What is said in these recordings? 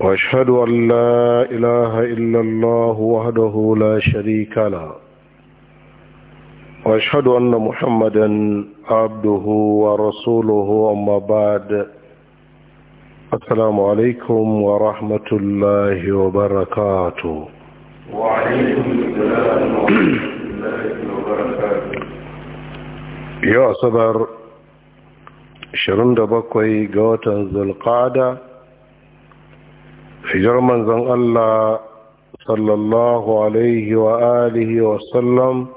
واشهد ان لا اله الا الله وحده لا شريك له واشهد ان محمدا عبده ورسوله اما بعد السلام عليكم ورحمه الله وبركاته وعليكم السلام ورحمه الله وبركاته يا صبر 27 ga ذو القعده hijar manzon Allah sallallahu alaihi wa alihi wa sallam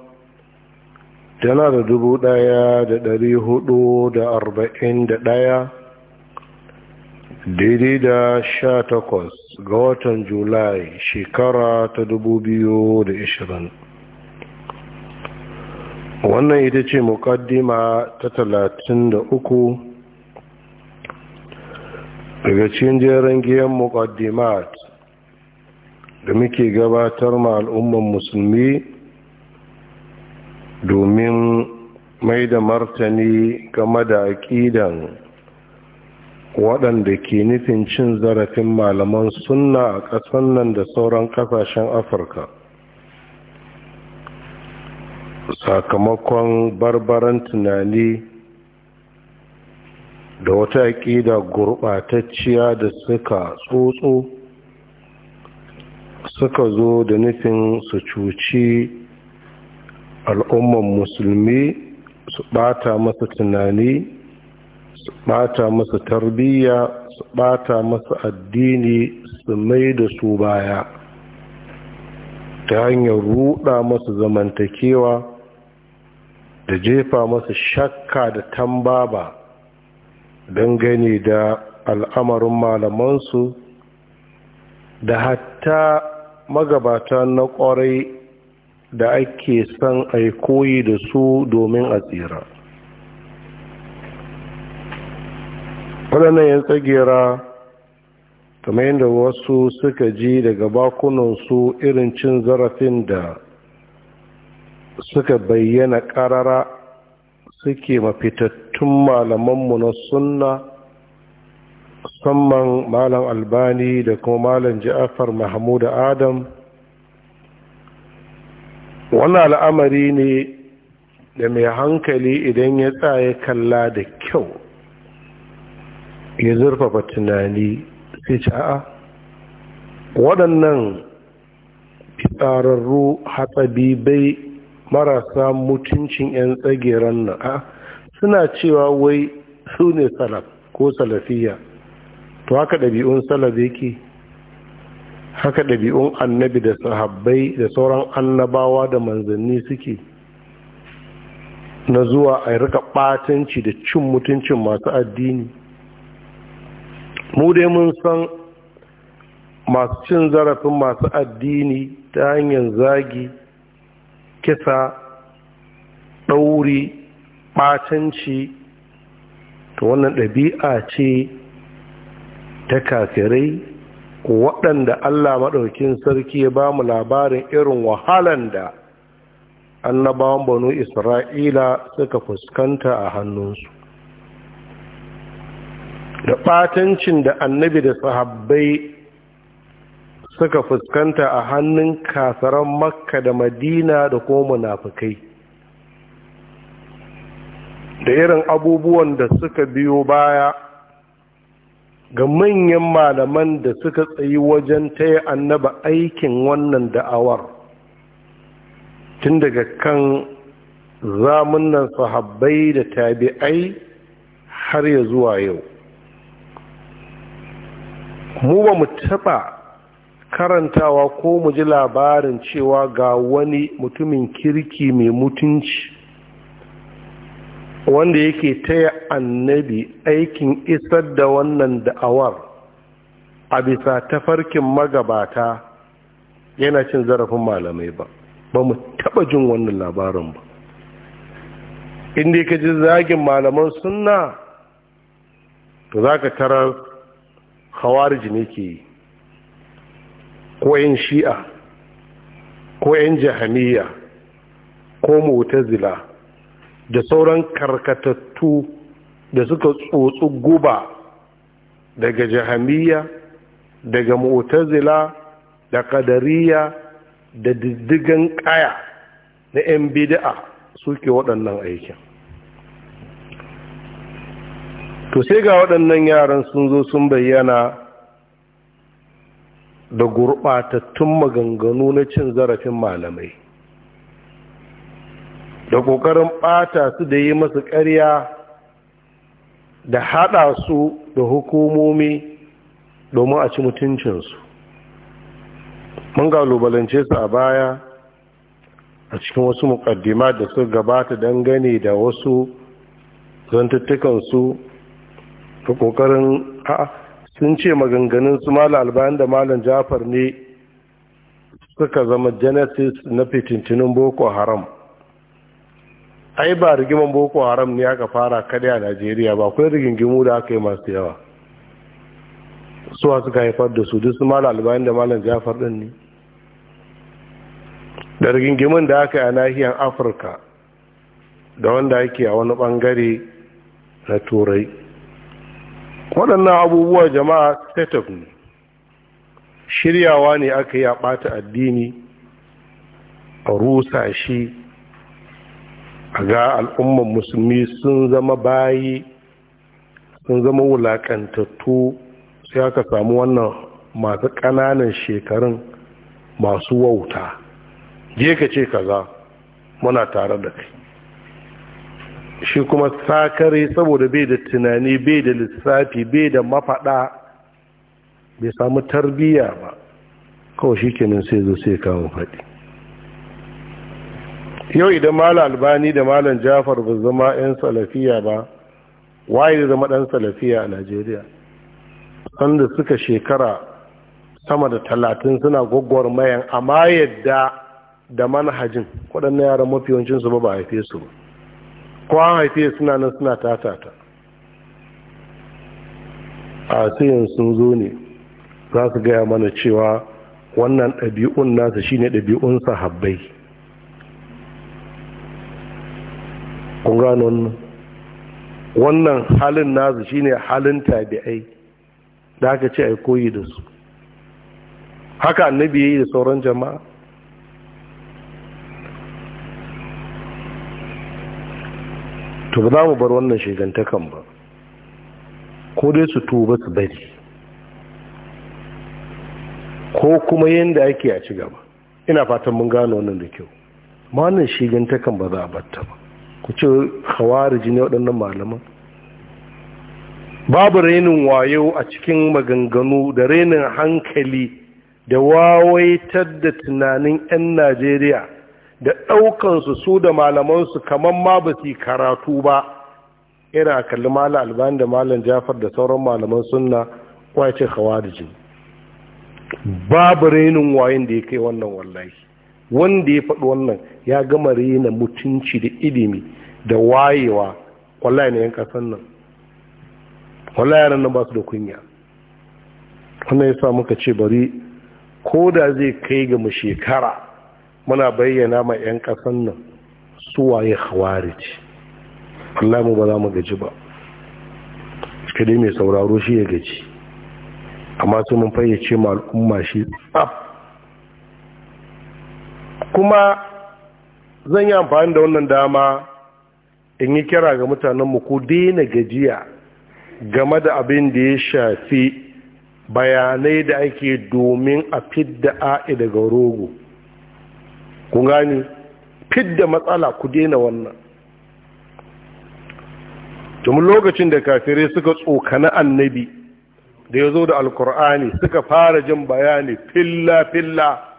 tana da dubu daya da dari hudu da arba'in da daya daidai da sha takwas ga watan julai shekara ta dubu biyu da ishirin wannan ita ce mukaddima ta talatin da uku daga cikin jerin giyan muqaddimat da muke gabatar ma al'umman musulmi domin mai da martani game da aƙidan waɗanda ke nufin cin zarafin malaman sunna a ƙasar nan da sauran ƙasashen afirka sakamakon barbaran tunani da wata aƙida gurɓatacciya da suka tsotso suka zo da nufin su cuci al'umman musulmi su ɓata masa tunani su ɓata masa tarbiyya su ɓata masa addini su mai da su baya ta hanyar ruɗa masa zamantakewa da jefa masa shakka da tambaba dangane da al'amarin malamansu da hatta magabata na ƙwarai da ake son a koyi da su domin a tsira waɗannan yin tsagera kamar yadda wasu suka ji daga bakunansu irin cin zarafin da suka bayyana ƙarara suke mafitattu malaman malamanmu na sunna musamman malam albani da kuma malam ja'afar mahmud adam wannan al'amari ne da mai hankali idan ya tsaye kalla da kyau ya zurfafa tunani sai ci a'a waɗannan fitsararru hatsabibai marasa mutuncin 'yan tsageren na a suna cewa wai su ne salaf ko salafiya to haka ɗabi'un salaf yake haka ɗabi'un annabi da sahabbai da sauran annabawa da manzanni suke na zuwa a rika ɓatanci da cin mutuncin masu addini mu dai mun san masu cin zarafin masu addini ta hanyar zagi kisa ɗauri ɓatanci to wannan ɗabi'a ce ta kafirai waɗanda Allah maɗaukin sarki ya ba mu labarin irin wahalan da annabawan banu isra'ila suka fuskanta a hannunsu da ɓatancin da annabi da sahabbai suka fuskanta a hannun kasaran makka da madina da kuma munafukai da irin abubuwan da suka biyo baya ga manyan malaman da suka tsayi wajen taya annaba aikin wannan da'awar tun daga kan zamunan sahabbai da tabi'ai har ya zuwa yau mu ba mu taɓa karantawa ko mu ji labarin cewa ga wani mutumin kirki mai mutunci wanda yake taya annabi aikin isar da wannan da'awar a bisa tafarkin magabata yana cin zarafin malamai ba ba mu taba jin wannan labarin ba inda ka ji zagin malaman sunna to za ka tarar hawarji ne ke yi ko yin shi'a ko 'yan jahaniya ko mutazila da sauran karkatattu da suka tsotsu guba daga jahamiya daga mu'tazila da kadariya da diddigan kaya na 'yan bida'a suke waɗannan aikin to sai ga waɗannan yaran sun zo sun bayyana da gurɓatattun maganganu na cin zarafin malamai da ƙoƙarin ɓata su da yi masu ƙarya da haɗa su da hukumomi domin a ci mutuncinsu mun galubalance su a baya a cikin wasu mukaddima da su gabata dangane da wasu zantattukansu da ƙoƙarin a sun ce maganganun su malam albayan da malam jafar ne suka zama genesis na fitintinin boko haram ai ba rigiman boko haram ne aka fara kaɗai a najeriya ba akwai rigingimu da aka yi masu yawa suwa suka haifar da su duk su mala albayan da malam jafar din ne da rigingimin da aka yi a nahiyar afirka da wanda ake a wani bangare na turai waɗannan abubuwa jama'a setup ne shiryawa ne aka yi a ɓata addini a rusa shi ga al'ummar musulmi sun zama bayi sun zama wulaƙantattu sai aka samu wannan masu ƙananan shekarun masu wauta je ka ce kaza muna tare da kai shi kuma sakare saboda bai da tunani bai da lissafi bai da mafaɗa bai samu tarbiyya ba kawai shi kenan sai zo sai kawo faɗi yau idan malam albani da malam jafar ba zama 'yan salafiya ba waye da zama ɗan salafiya a najeriya sanda suka shekara sama da talatin suna gwaggwar mayan amma yadda da manhajin waɗannan yaran mafi yawancinsu ba ba haife su ba ko an haife suna nan suna tatata a sayin sun zo ne za su gaya mana cewa wannan ɗabi'un nasa shine ɗabi'un sahabbai kun gano wannan wannan halin nasu shine halin tabi'ai da aka ce ai koyi da su haka annabi yayi da sauran jama'a to ba za mu bar wannan shigantakan ba ko dai su tuba su bari ko kuma yadda ake a ci gaba ina fatan mun gano wannan da kyau ma wannan shigantakan ba za a batta ba ku ce khawariji ne waɗannan malaman babu renin wayo a cikin maganganu da renin hankali da wawaitar da tunanin 'yan najeriya da ɗaukansu su da malamansu kamar ma ba su karatu ba irin a kalli mala albani da malam jafar da sauran malaman sunna kwace khawariji babu renin wayon da ya kai wannan wallahi wanda ya faɗi wannan ya gama rena mutunci da ilimi da wayewa wallahi na yan kasan nan wallahi yaran nan ba su da kunya wannan ya sa muka ce bari ko da zai kai ga mu shekara muna bayyana ma yan kasan nan suwaye khawarij wallahi mu ba za mu gaji ba kadai mai sauraro shi ya gaji amma sai mun fayyace ma al'umma shi tsaf kuma zan yi amfani da wannan dama in yi kira ga mutanenmu ku daina gajiya game da abin da ya shafi bayanai da ake domin a fidda a'i daga rogo ku gani fidda matsala ku daina wannan Tun lokacin da kafirai suka tsokana annabi da ya zo da alkur'ani suka fara jin bayani filla-filla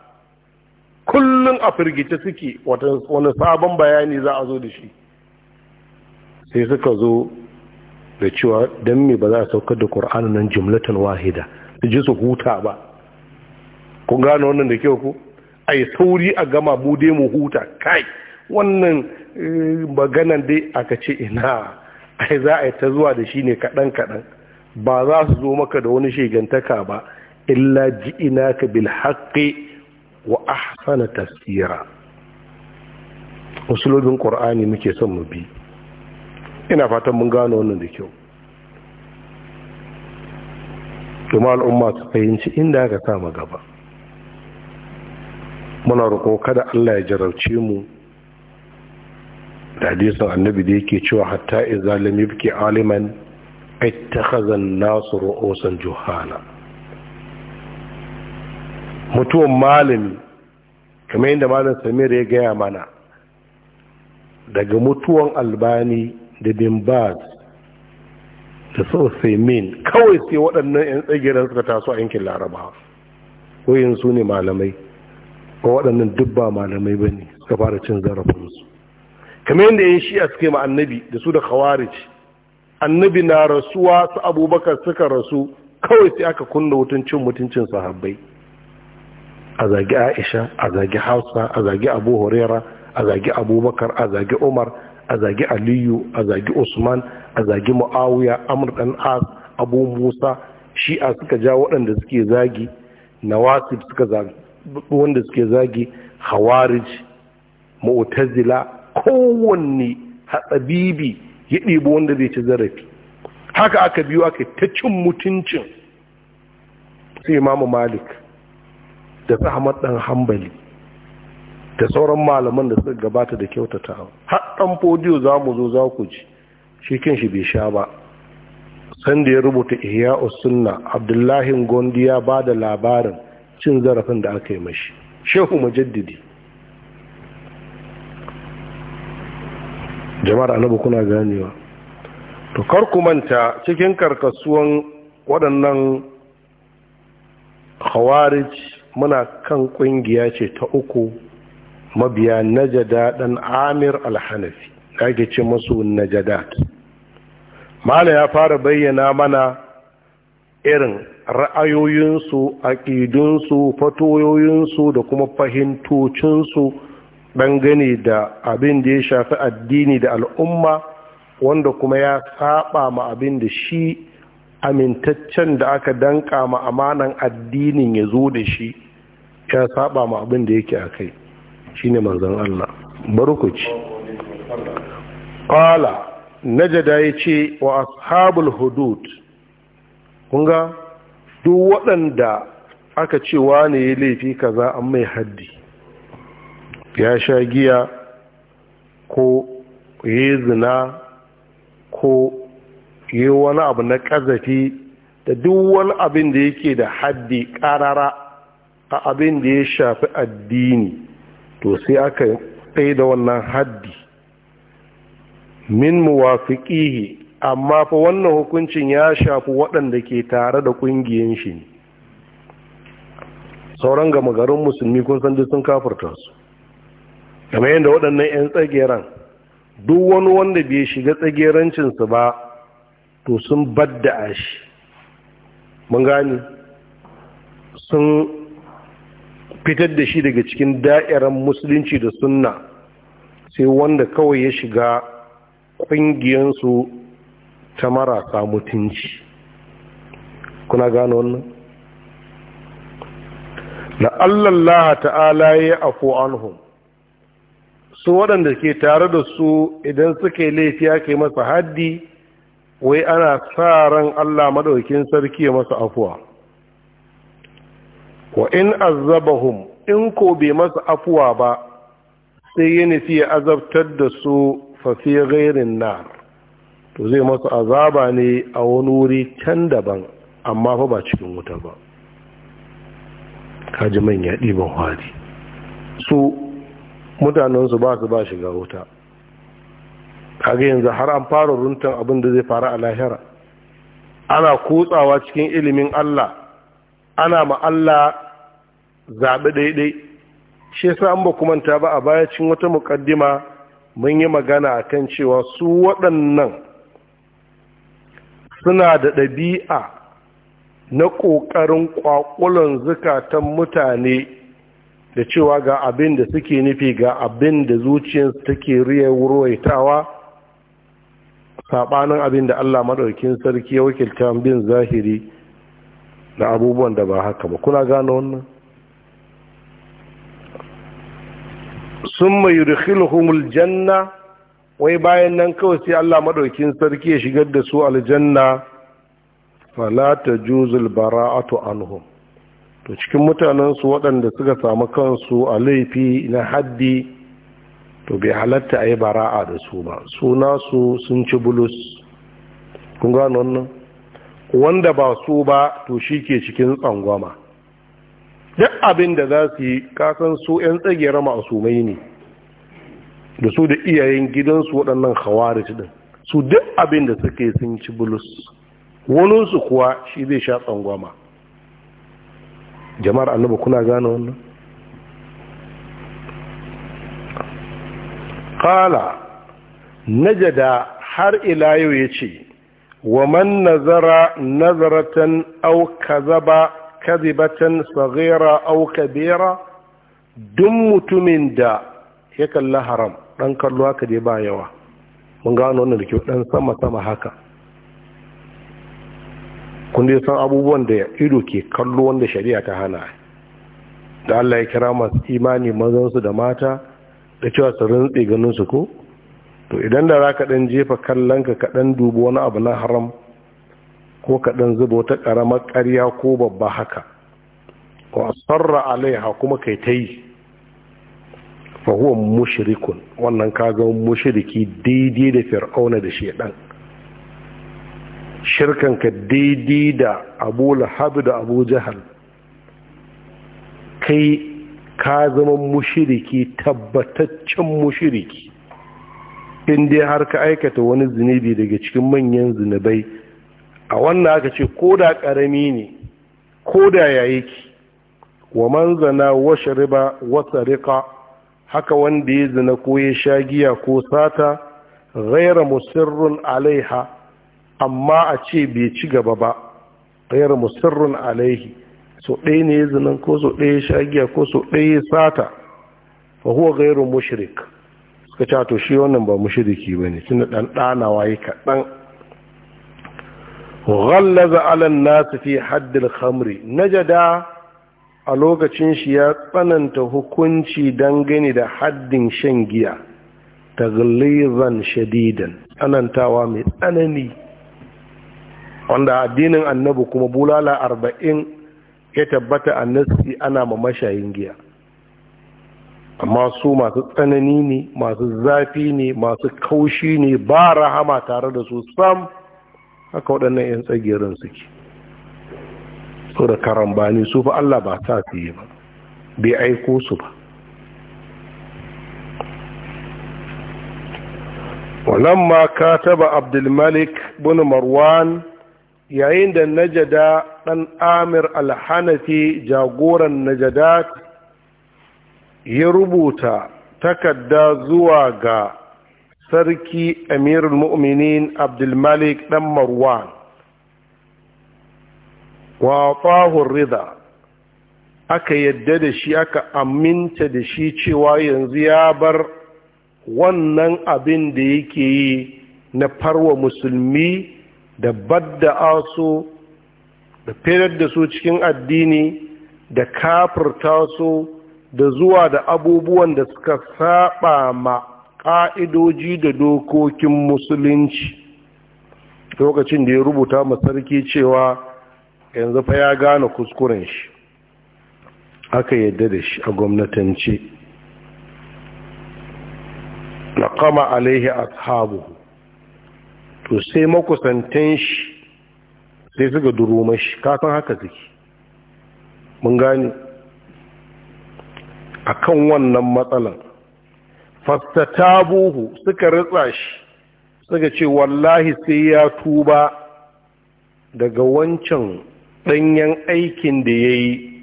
kullum a firgice suke wani sabon bayani za a zo da shi sai suka zo da cewa don me ba za a saukar da ƙur'an nan jumlatan wahida su ji su huta ba ku gane wannan da kyau ku a yi sauri a gama bude mu huta kai wannan eh, maganan dai aka ce ina ai za a yi ta zuwa da shi ne kaɗan-kaɗan ba za su zo maka da wani shigantaka ba illa ji ina ka bil haƙƙi wa ahsana tafsira usulobin qur'ani muke son mu bi ina fatan mun gano wannan da kyau kuma al'umma su fahimci inda aka sa mu gaba muna roƙo kada Allah ya jarauce mu da hadisin annabi da yake cewa hatta izalim yabki aliman ittakhadha an-nasu ru'usan juhana mutuwan malami kamar yadda malam samir ya gaya mana daga mutuwan albani da bimbaz da sosai min kawai sai waɗannan 'yan tsagiran suka taso a yankin larabawa wayin su ne malamai ko waɗannan dubba malamai ba ne suka fara cin zarafinsu kamar yadda yin shi a suke ma annabi da su da khawarij annabi na rasuwa su abubakar suka rasu kawai sai aka kunna wutan cin mutuncin sahabbai a zagi aisha a zagi hausa a zagi abu huraira a zagi abubakar a zagi umar a zagi aliyu a zagi usman a zagi mu'awiya amur dan as abu musa shi'a suka ja waɗanda suke zagi nawasib suka zagi wanda suke zagi hawarij mu'tazila kowanne hatsabibi ya ɗebo wanda zai ci zarafi haka aka biyo aka ta cin mutuncin sai imamu malik da fi Ahmad dan Hambali da sauran malaman da suka gabata da kyautatawa har ɗan fodiyo za mu zo za ku ji shi kanshi bai sha ba sanda ya rubuta ihya usunna abdullahi gondi ya ba da labarin cin zarafin da aka yi mashi shehu majaddidi jama'ar annabi kuna ganewa to kar ku manta cikin karkasuwan waɗannan khawarij muna kan kungiya ce ta uku mabiya najada dan amir alhanafi da ake ce masu najadat mala ya fara bayyana mana irin ra'ayoyinsu aƙidunsu fatoyoyinsu da kuma fahimtocinsu dangane da abin da ya shafi addini da al'umma wanda kuma ya saba ma abin da shi amintaccen da aka danka ma amanan addinin ya zo da shi ya saba ma abin da yake a kai shine manzon Allah barkuci qala najada yace wa ashabul hudud kunga duk waɗanda aka ce wani ya laifi kaza an mai haddi ya sha giya ko ya zina ko ya wani abu na ƙazafi da duk wani abin da yake da haddi ƙarara a abin da ya shafi addini to sai aka tsaye da wannan haddi min muwafiqihi amma fa wannan hukuncin ya shafi waɗanda ke tare da ƙungiyan shi ne sauran gama garin musulmi kun san sun kafurta su game yadda waɗannan 'yan tsageren duk wani wanda bai shiga tsagerancinsu ba to sun badda shi mun gani sun fitar da shi daga cikin da'irar musulunci da sunna sai wanda kawai ya shiga ƙungiyansu ta marasa mutunci kuna gano wannan la'allallah ta'ala ya afu anhum su waɗanda ke tare da su idan suka yi laifi ake masa haddi wai ana sa ran allah maɗaukin sarki ya masa afuwa wa in azabahum in ko bai masa afuwa ba sai ya nufi ya azabtar da su fafi gairin nar to zai masa azaba ne a wani wuri can daban amma fa ba cikin wuta ba kaji manya ɗiban hwari su mutanensu ba su ba shiga wuta kaga yanzu har an fara runtan abin da zai fara a lahira ana kutsawa cikin ilimin Allah ana ma Allah zaɓi daidai shi yasa an ba kumanta ba a baya cin wata muƙaddima mun yi magana a kan cewa su waɗannan suna da ɗabi'a na ƙoƙarin ƙwaƙulan zukatan mutane da cewa ga abin da suke nufi ga abin da zuciyarsu take riya wurwaitawa saɓanin abin da Allah maɗaukin sarki ya wakilta bin zahiri na abubuwan da ba haka ba kuna gane wannan sun mai rikilhumul janna wai bayan nan kawai sai Allah maɗaukin sarki ya shigar da su aljanna falata juzul bara'atu anhum to cikin mutanensu waɗanda suka samu kansu a laifi na haddi to bai halatta a bara'a da su ba suna su sun ci bulus kun gano wannan wanda ba su ba to shi ke cikin tsangwama duk abin da za su yi kasan su 'yan tsagiyar ma'asumai ne da su da iyayen gidansu waɗannan hawari din su duk abin da suke sun ci bulus waninsu kuwa shi zai sha tsangwama jama'ar annaba kuna gane wannan kala najada har ila yau ya ce wa man nazara nazaratan au kazaba kadibatan saghira aw kabira duk mutumin da ya kalla haram ɗan kallo haka dai ba yawa mun gano wannan da kyau ɗan sama sama haka kun dai san abubuwan da ido ke kallo wanda shari'a ta hana da Allah ya kira masu imani mazansu da mata da cewa su rintse ganin su ko to idan da zaka dan jefa kallon ka ɗan dan dubi wani abu na haram ko kaɗan zuba wata ƙaramar ƙarya ko babba haka wa sarra alaiha kuma kai ta yi fa huwa wannan ka ga mushriki daidai da fir'auna da shedan shirkan ka daidai da abu lahab da abu jahal kai ka zama mushriki tabbataccen mushriki in dai har ka aikata wani zunubi daga cikin manyan zunubai a wannan aka ce ko da ƙarami ne ko da ya ki wa man zana wa shariba wa sariqa haka wanda ya zina ko ya sha giya ko sata ghayra musirrun alaiha amma a ce bai ci gaba ba ghayra musirrun alaihi so ɗaya ne ya zina ko so ɗaya ya sha giya ko so ɗaya ya sata fa huwa ghayru mushrik suka ce to shi wannan ba mushriki bane tunda dan danawa yake kaɗan غلظ alan الناس في حد khamri jada a lokacin shi ya tsananta hukunci dangane da haddin shan giya taglizan shadidan tsanantawa mai tsanani wanda addinin annabi kuma bulala arba'in ya tabbata a ana ma mashayin giya amma su masu tsanani ne masu zafi ne masu kaushi ne ba rahama tare da su sam haka waɗannan 'yan tsagerin suke so da karambani su fa Allah ba ta su yi ba bai aiko su ba Wannan ma ka taba abdulmalik bunu marwan yayin da najada ɗan amir alhanafi jagoran najadat ya rubuta takarda zuwa ga sarki amirul mu'minin abdulmalik dan marwan wa fahun rida aka yadda da shi aka aminta da shi cewa yanzu ya bar wannan abin da yake yi na farwa musulmi da badda asu da fedar da su cikin addini da kafirta su da zuwa da abubuwan da suka saba ma ƙa'idoji da dokokin musulunci lokacin da ya rubuta masarki cewa yanzu fa ya gane kuskuren shi aka yadda da shi a gwamnatance na kama alaihi ashabu to sai makusantan shi sai suka duruma shi kafin haka ziki mun gani kan wannan matsalan buhu suka ritsa shi suka ce wallahi sai ya tuba daga wancan ɗanyen aikin da ya yi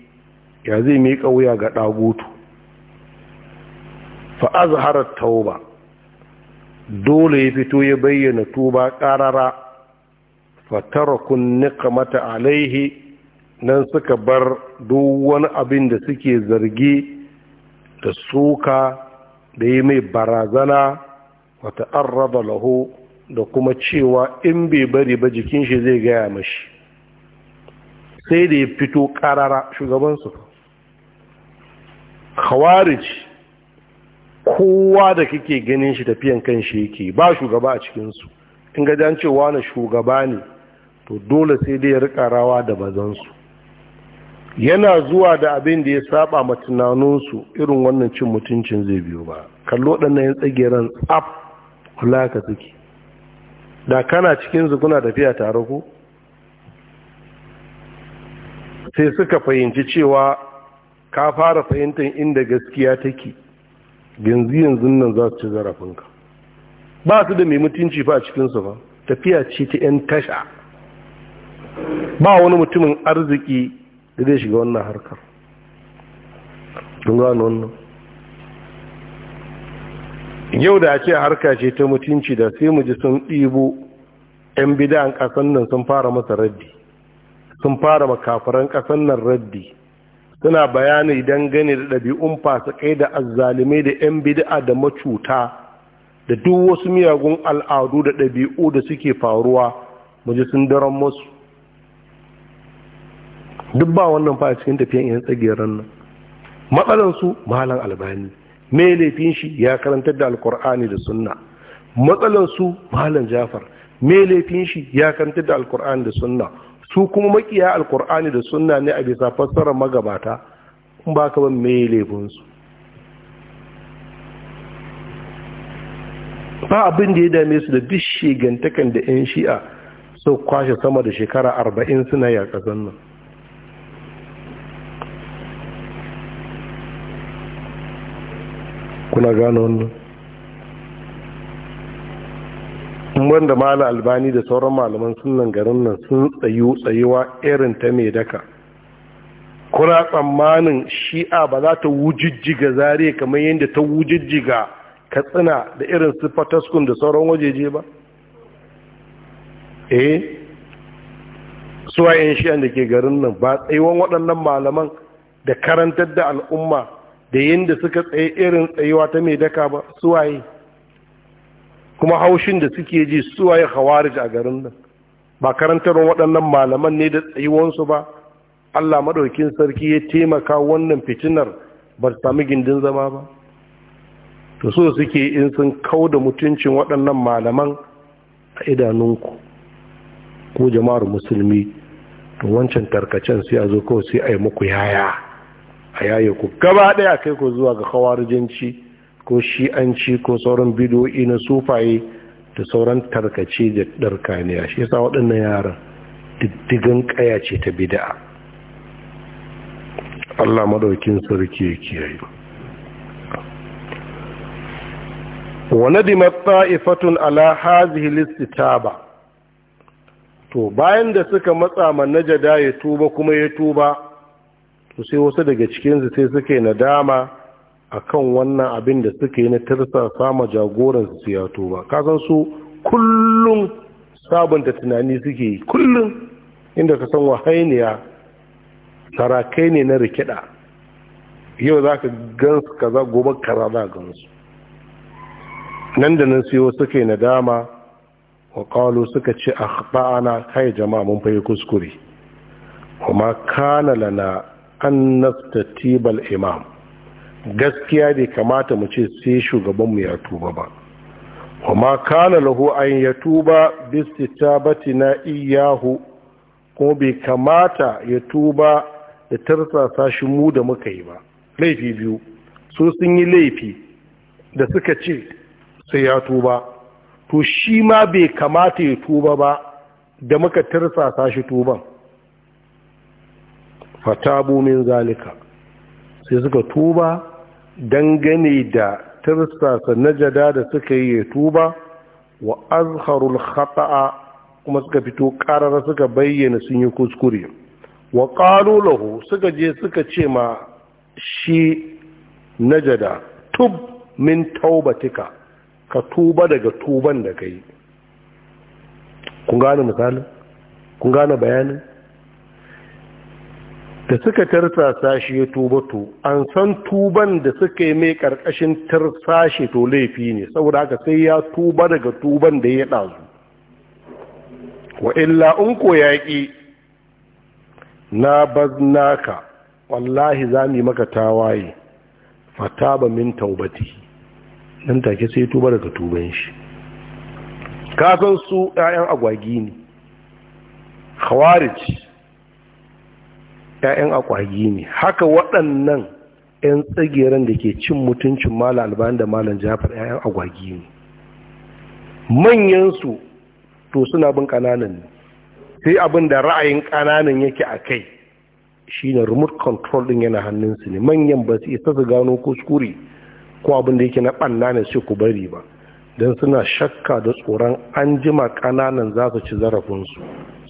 ya zai miƙa wuya ga ɗagutu fa'azharar tauba dole ya fito ya bayyana tuba ƙarara fatarakun nikamata alaihi nan suka bar duk wani abin da suke zargi da suka da yi mai barazana wata arraba laho da kuma cewa in bai bari ba jikin shi zai gaya mashi sai da ya fito karara shugabansu khawarij kowa da kake ganin shi tafiyan kan shi yake ba shugaba a cikinsu in gajan cewa na shugaba ne to dole sai dai ya rika rawa da bazansu yana zuwa da abin da ya saba ma tunaninsu irin wannan cin mutuncin zai biyo ba kallo ɗannan ya tsage ran tsaf kula ka suke da kana cikin su tafiya tare ku sai suka fahimci cewa ka fara fahimtar inda gaskiya take yanzu yanzu nan za su ci zarafinka ba su da mai mutunci fa a cikinsu ba tafiya ce ta 'yan tasha ba wani mutumin arziki da zai shiga wannan harkar gano wannan yau da ce harka ce ta mutunci da sai mu ji sun ɗibo 'yan bidan ƙasan nan sun fara masa raddi sun fara makafaran ƙasan nan raddi suna bayani dangane da ɗabi'un fasakai da azzalumai da 'yan bid'a da macuta da duk wasu miyagun al'adu da ɗabi'u da suke faruwa mu ji sun daren masu duk ba wannan fa a cikin tafiyan yan tsagiyar nan matsalan su malam albani me laifin shi ya karantar da alkur'ani da sunna matsalan su malam jafar me laifin shi ya karantar da alkur'ani da sunna su kuma makiya alkur'ani da sunna ne a bisa fassarar magabata in ba ka ban me laifin ba abin da ya dame su da duk gantakan da 'yan shi'a sau kwashe sama da shekara arba'in suna yaƙa nan kuna gano wannan wanda mala albani da sauran malaman sunan garin nan sun tsayu tsayuwa irin ta mai daka kuna tsammanin shi'a ba za ta wujijjiga zare kamar yadda ta wujijjiga katsina da irin su fataskun da sauran wajeje ba eh suwayen shi'an da ke garin nan ba tsayuwan waɗannan malaman da karantar da al'umma da yadda suka tsaye irin tsayuwa ta mai daka ba suwaye kuma haushin da suke ji suwaye hawarij a garin nan ba karantarwar waɗannan malaman ne da tsayuwansu ba allah maɗaukin sarki ya taimaka wannan fitinar ba su sami gindin zama ba to so suke in sun kau da mutuncin waɗannan malaman a idanunku ko jama'ar musulmi to wancan tarkacen sai a zo kawai sai a yi muku yaya a yaye ku gaba ɗaya kai ku zuwa ga khawarijanci ko shi'anci ko sauran bidoyi na sufaye da sauran tarkace da darkaniya shi yasa waɗannan yaran diddigan kaya ce ta bida'a Allah madaukin sarki ya kiyaye wa nadimat ta'ifatun ala hadhihi listitaba to bayan da suka matsa manaja da ya tuba kuma ya tuba to sai wasu daga cikinsu sai suka yi nadama akan wannan abin da suka yi na tarsa, sama jagoransu su ya Ka kasan su kullum sabunta tunani suke yi kullum inda ka san wahainiya sarakai ne na rikida yau za ka gansu kaza gobe kaza za gansu nan da nan siyo suke nadama wa kalu suka ce a ba'ana kai jama'a mun fahimci kuskure kuma kana lana an nastatibal imam gaskiya bai kamata mu ce sai shugabanmu ya tuba ba an ya ya tuba يتوب na iyahu kuma bai kamata ya tuba da tarsasa shi mu da muka yi ba laifi biyu su sun yi laifi da suka ce sai ya tuba to shi ma bai kamata ya tuba ba da muka tarsasa shi tuban fatabu min zalika sai suka tuba dangane da tirsasa na jada da suka yi tuba wa azharul khata'a kuma suka fito karara suka bayyana sun yi kuskure wa qalu lahu suka je suka ce ma shi najada tub min taubatika ka tuba daga tuban da kai kun gane misalin kun gane bayanin da suka tarsasa shi ya tuba to an san tuban da suka yi mai karkashin tarsashi to laifi ne saboda haka sai ya tuba daga tuban da ya ɗazu wa illa in ko yaƙi na baznaka wallahi za mu yi maka tawaye fataba min taubati nan take sai tuba daga tuban shi ka su 'ya'yan agwagi ne khawarij 'ya'yan akwagi ne haka waɗannan 'yan tsagiyar da ke cin mutuncin malam albani da malam jafar 'ya'yan agwagi ne manyansu to suna bin ƙananan ne sai abin da ra'ayin ƙananan yake a kai shi ne remote control ɗin yana hannunsu ne manyan ba su isa su gano kuskure ko abin da yake na ɓanna ne sai ku bari ba don suna shakka da tsoron an jima ƙananan za su ci zarafinsu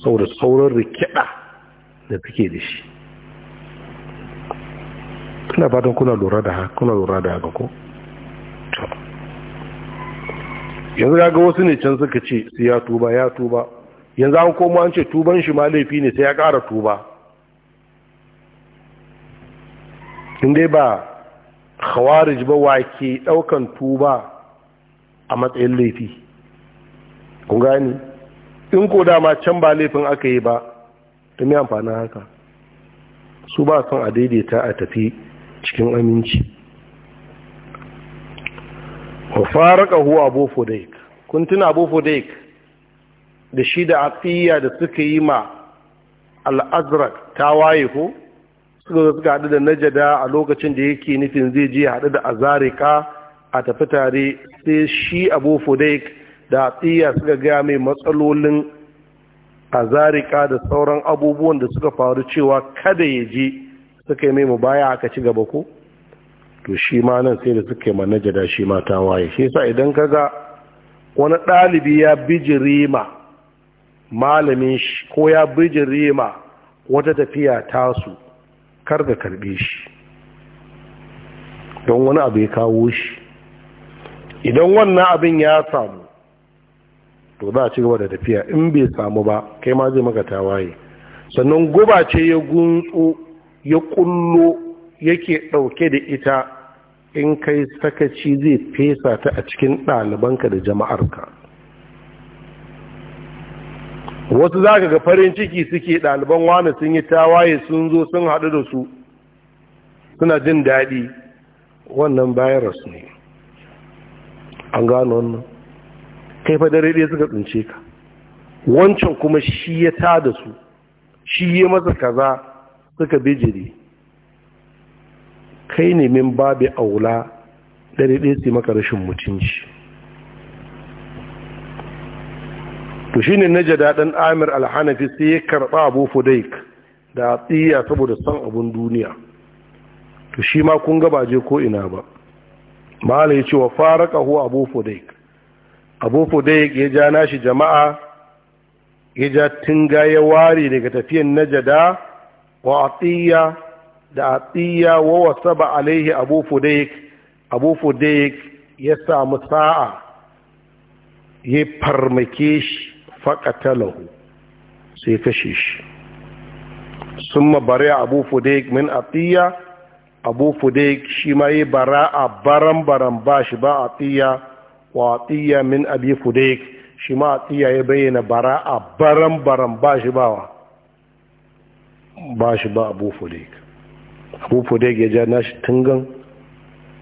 saboda sauran rikida da suke da shi ina fatan kuna lura da haka kuna lura da haka ko yanzu ga wasu ne can suka ce su ya tuba ya tuba yanzu an komo an ce tuban shi ma laifi ne sai ya ƙara tuba in dai ba khawarij ba wa ke ɗaukan tuba a matsayin laifi kun gani in ko dama can ba laifin aka yi ba ta mi amfanin haka su ba son a daidaita a tafi cikin aminci wa huwa abu fudaik kun tuna abu fudaik da shi da afiya da suka yi ma al-azraq waye ko suka zo suka haɗu da najada a lokacin da yake nufin zai je haɗu da azarika a tafi tare sai shi abu fudaik da afiya suka gaya mai matsalolin azarika da sauran abubuwan da suka faru cewa kada ya je suka yi mu baya aka ci gaba ko to shi ma nan sai da suka yi da shi ma ta waye shi yasa idan ka ga wani ɗalibi ya bijirima malamin shi ko ya bijirima wata tafiya tasu kar da karbe shi don wani abu ya kawo shi idan wannan abin ya samu to za a ci gaba da tafiya in bai samu ba kai ma zai maka tawaye sannan guba ce ya guntso ya kullo yake ɗauke da ita in kai sakaci zai fesa ta a cikin ɗalibanka da jama'arka wasu za ga farin ciki suke ɗaliban wani sun yi tawaye sun zo sun haɗu da su suna jin daɗi wannan bayan rasu ne an gano wannan kai fa ɗaya suka tsince ka wancan kuma shi ya ta da su shi ya masa kaza suka bijiri kai ne min babi aula ɗari ɗaya su maka rashin mutunci to shine najada ɗan amir alhanafi sai ya karɓa abu fudaik da a tsiya saboda son abun duniya to shi ma kun gaba je ko ina ba mala ya ce wa fara ƙaho abu fudaik abu fudaik ya ja nashi jama'a ya ja ga ya ware daga tafiyan najada wa da atiyya wa wasaba alaihi abu fudayk abu fudayk ya samu sa'a ya farmake shi faqatalahu sai kashe shi bari a abu fudayk min atiyya abu fudayk shi ma yi a baran baran ba shi ba atiyya wa atiyya min abi fudayk shi ma ya bayyana bara'a baran baran ba shi bawa ba shi ba abu fudek abu fudek ya ja nashi tungan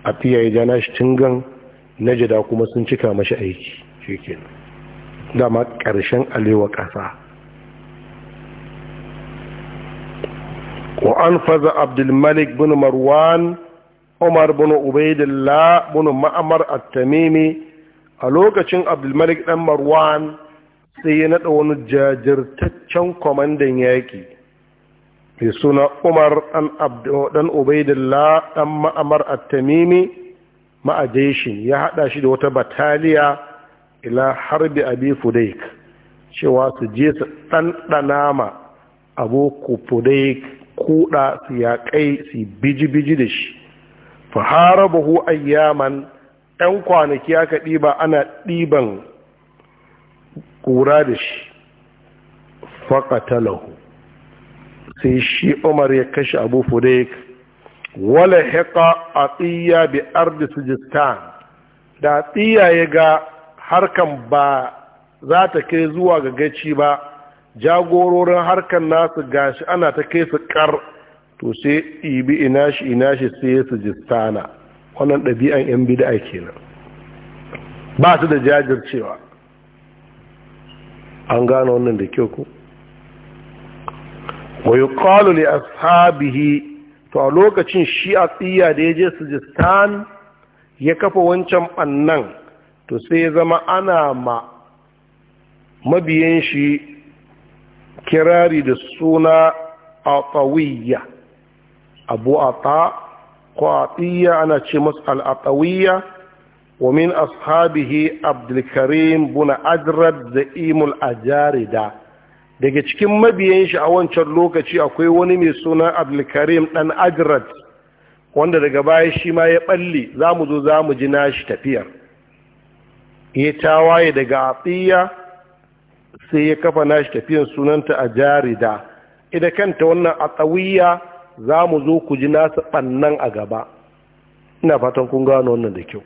afiya ya ja nashi tungan na jida kuma sun cika mashi aiki shi dama ƙarshen alewa ƙasa wa an faza abdulmalik bin marwan umar bin ubaidillah bin ma'amar at-tamimi a lokacin abdulmalik dan marwan sai ya naɗa wani jajirtaccen kwamandan yaƙi mai suna umar dan ubaidillah dan ma'amar at-tamimi ma'a jeshin ya hada shi da wata bataliya ila harbi abi fudaik cewa su je su ɗanɗana ma abu fudaik kuɗa su yaƙai su biji-biji da shi fa harabahu ayyaman 'yan kwanaki aka ɗiba ana ɗiban ƙura da shi faƙatalahu sai shi umar ya kashe abu wale wala a tsiya bi ardi sujistan da tsiya ya ga harkan ba za ta kai zuwa ga gaci ba jagororin harkan nasu gashi ana ta kai su kar to sai ibi ina shi sai ya sujistana wannan ɗabi'an yan bid'a kenan ba su da jajircewa an gano wannan da kyau ko wa ne a ashabihi to a lokacin shi a tsiya da ya je sujistan ya kafa wancan bannan to sai ya zama ana ma mabiyan shi kirari da suna atawiyya abu ata ko atiyya ana ce masu al'atawiyya wa min ashabihi abdulkarim buna ajrad da imul ajarida daga cikin mabiyan shi a wancan lokaci akwai wani mai suna abdulkarim dan agrat wanda daga baya shi ma ya balle za mu zo za mu ji nashi tafiyar ya tawaye daga atsiya sai ya kafa nashi tafiyar sunanta a jarida ida kanta wannan atsawiya za mu zo ku ji nasu ɓannan a gaba ina fatan kun gano wannan da kyau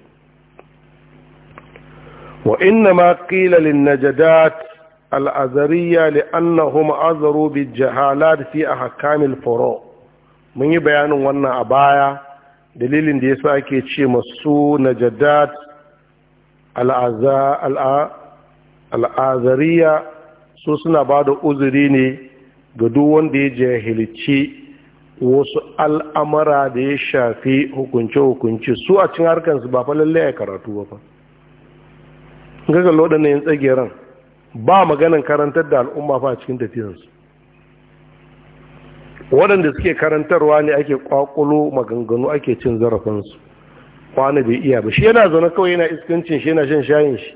wa inna ma qila lin najadat al'azariya li'annahum azaru bi jahalat fi hakamil furu mun yi bayanin wannan a baya dalilin da yasa ake ce masu najadat al'azariya su suna ba da uzuri ne ga duk wanda ya jahilci wasu al'amara da ya shafi hukunce-hukunce su a cin harkarsu ba fa lallai ya karatu ba fa gaga lodannan yin tsageren ba maganin karantar da al'umma fa cikin tafiyansu waɗanda suke karantarwa ne ake kwakulo maganganu ake cin zarafinsu kwana bai iya ba shi yana zaune kawai yana iskancin shi yana shan shayin shi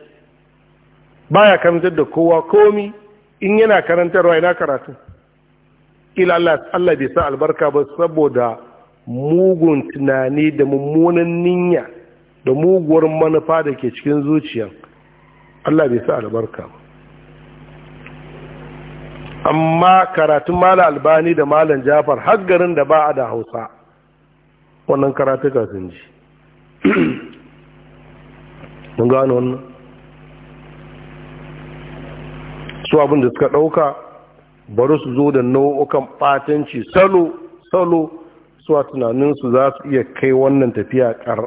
baya karantar da kowa komi in yana karantarwa yana karatu ila Allah bai sa albarka ba saboda mugun tunani da mummunan niyya da muguwar manufa da ke cikin zuciya Allah bai sa albarka ba amma karatun mala albani da malan jafar haggarin da ba a da hausa wannan karatuka sun ji mun gano wannan su abin da suka ɗauka bari su zo da nau'ukan ɓatanci salo salo su tunaninsu za su iya kai wannan tafiya ƙar